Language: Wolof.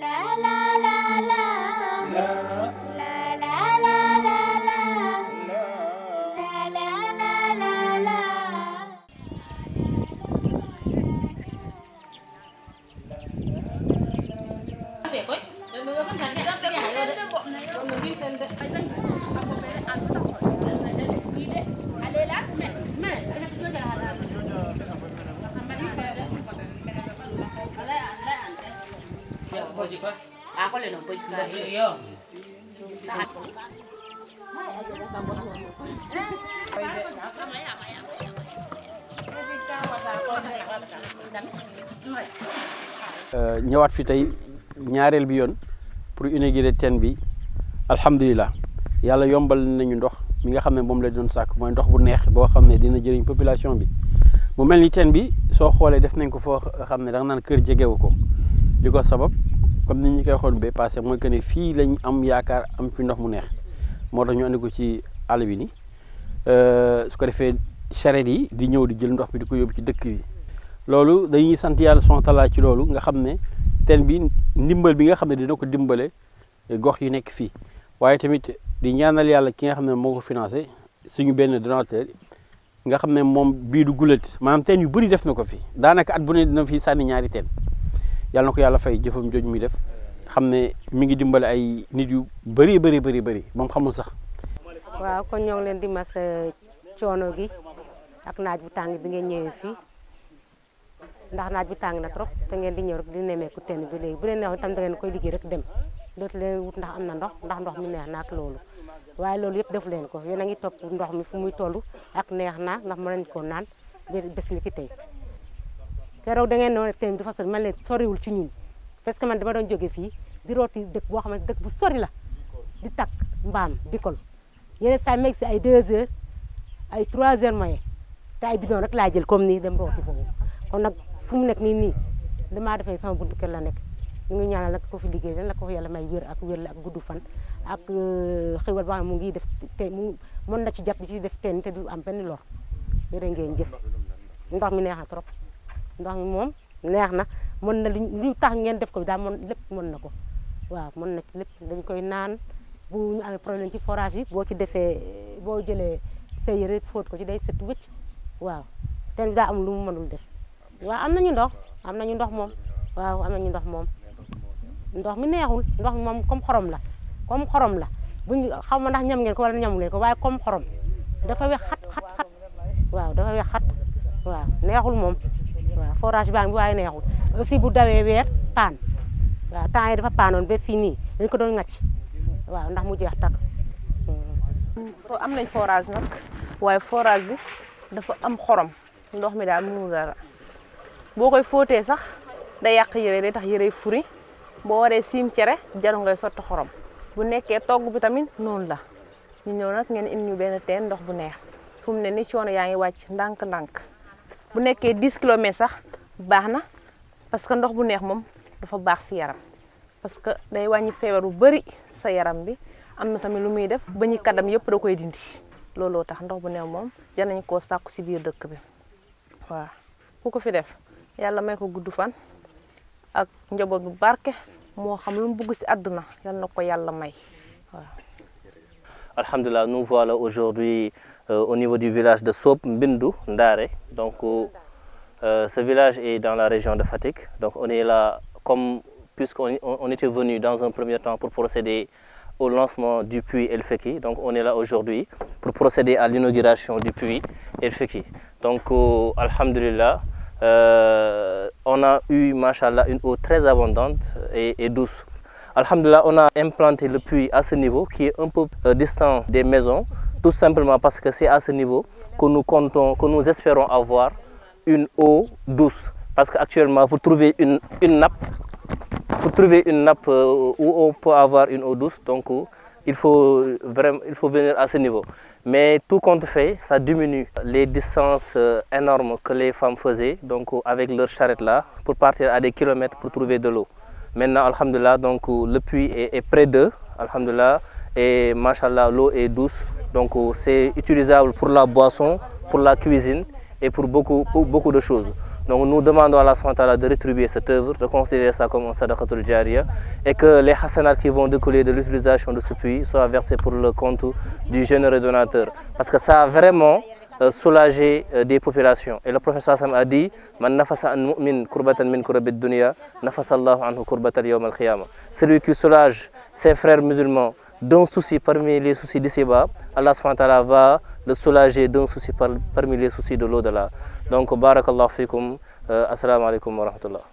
Vậy quấy. Đừng đừng không thắng cái đó cái này là bọn này. Bọn mình pa. Euh, ñëwaat fi tey ñaareel bi yoon pour inaugurer teen bi alhamdulilah yàlla yombal nañu ndox mi nga xam ne moom la doon sàkk mooy ndox bu neex boo xam ne dina jëriñ population bi mu mel ni teen bi soo xoolee def nañ ko foo xam ne danga naan kër jegewu ko li ko sabab comme ni ñu koy waxoon ba passé mooy que ne fii lañ am yaakaar am fi ndox mu neex moo tax ñu andi ko ci àll bi ni euh, su ko defee charrette yi di ñëw di jël ndox bi di ko yóbbu ci dëkk yi loolu dañuy sant yàlla subhanahu ci loolu nga xam ne teen bi ndimbal bi nga xam ne dina ko dimbale gox yi nekk fii waaye tamit di ñaanal yàlla ki nga xam ne moo financé suñu benn donateur nga xam ne moom bii du gulet maanaam teen yu bëri def na ko fi daanaka at bu ne dina fi sànni ñaari teen yalla nako yalla fay jëfam joj mi def xam mi ngi dimbal ay nit yu bari bari bari bari mom xamul sax. waaw kon ñoo ngi leen di mas euh, choono gi ak naaj bu tang bi ngeen ñëwee fi ndax naaj bu tang nak trop te ngeen di ñëw rek di ku teen bi léegi bu leen neex tam da ngeen koy liggé rek dem dot leen wut ndax amna ndox ndax ndox mi neex nak ak loolu waaye loolu yëpp def leen ko yeena ngi top ndox mi fu muy tollu ak neex na ndax mën nañ ko naan bes ni ki tay keroog da ngeen noonu tamit dafa sori man leen wul ci ñun parce que man dama doon jóge fii di rooti dëkk boo xamante dëkk bu sori la di takk mbaam bikol yeneen saa meeg si ay 2 heures ay trois heures moyen te ay doon rek laa jël comme nii dem rooti foofu kon nag fu mu nekk nii nii damaa defee sama buntu kër la nekk ñu ngi ñaanal nag ko fi liggéey la ko fi yàlla may wér ak wér la ak gudd fan ak euh, xéwal ba mu ngi def te mu mën na ci jàpp bi ci def teen te du am benn lor jërë ngeen jëf ndox mi neex trop ndox mi moom neex na mën na lu tax ngeen def ko bi daal mën lépp mën na ko waaw mën na lépp dañ koy naan bu ñu amee problème ci forage yi boo ci defee boo jëlee sa yére fóot ko ci day set wëcc waaw teen bi daa am lu mu mënul def waaw am nañu ndox am nañu ndox moom waaw am nañu ndox moom ndox mi neexul ndox mi moom comme korom la comme xorom la buñ xaw ma ndax ñam ngeen ko wala ñamu ngeen ko waaye comme xorom dafa wex xat xat xat dafa wex xat waaw neexul moom waaw forage baa ngi waaye neexul aussi bu dawee weer paan waaw temps yi dafa paanoon ba fii nii dañ ko doon ŋàcc waaw ndax mu jeex takk am nañ forage nag waaye forage bi dafa am xorom ndox mi daal mënu dara boo koy fóotee sax day yàq yëre day tax yëre furi boo waree siim cere jaru ngay sotti xorom bu nekkee togg bi tamit noonu la ñu ñëw nag ngeen indi ñu benn teen ndox bu neex fu mu ne ni coono yaa ngi wàcc ndànk-ndànk bu nekkee 10 kilomètres sax baax na parce que ndox bu neex moom dafa baax si yaram parce que day wàññi feebar bu bëri sa yaram bi am na tamit lu muy def ba ñu kadam yëpp da koy dindi looloo tax ndox bu neex moom jar nañu koo sàkku si biir dëkk bi waaw ku ko fi def yàlla may ko gudd fan ak njaboot bu barke moo xam lu mu bugg si àdduna yal na ko yàlla may waaw Alhamdulillah, nous voilà aujourd'hui euh, au niveau du village de Sop Mbindou, Ndare. Donc, euh, euh, ce village est dans la région de Fatik. Donc, on est là, comme puisqu'on on était venu dans un premier temps pour procéder au lancement du puits El Feki. Donc, on est là aujourd'hui pour procéder à l'inauguration du puits El Feki. Donc, Alhamdulillah, on a eu, machallah, une eau très abondante et, et douce. Alhamdulillah, on a implanté le puits à ce niveau qui est un peu euh, distant des maisons, tout simplement parce que c'est à ce niveau que nous comptons, que nous espérons avoir une eau douce. Parce qu'actuellement, pour trouver une, nappe, pour trouver une nappe euh, où on peut avoir une eau douce, donc il faut, il faut venir à ce niveau. Mais tout compte fait, ça diminue les distances euh, énormes que les femmes faisaient, donc avec leur charrette là, pour partir à des kilomètres pour trouver de l'eau. Maintenant, Alhamdulillah, donc euh, le puits est, près d'eux, Alhamdulillah, et l'eau est douce. Donc euh, c'est utilisable pour la boisson, pour la cuisine et pour beaucoup, beaucoup de choses. Donc nous demandons à la Santala de rétribuer cette œuvre, de considérer ça comme un sadakatul jariya et que les hasanats qui vont découler de l'utilisation de ce puits soient versés pour le compte du jeune redonateur, Parce que ça a vraiment euh, soulager euh, des populations. Et le professeur Assam a dit Man an mu'min kurbatan min kurabid dunya, nafasa Allah anhu kurbatan yawm al Celui qui soulage ses frères musulmans d'un souci parmi les soucis de bas Allah subhanahu va le soulager d'un souci parmi les soucis de l'au-delà. Donc, allah fikum, euh, assalamu alaikum wa rahmatullah.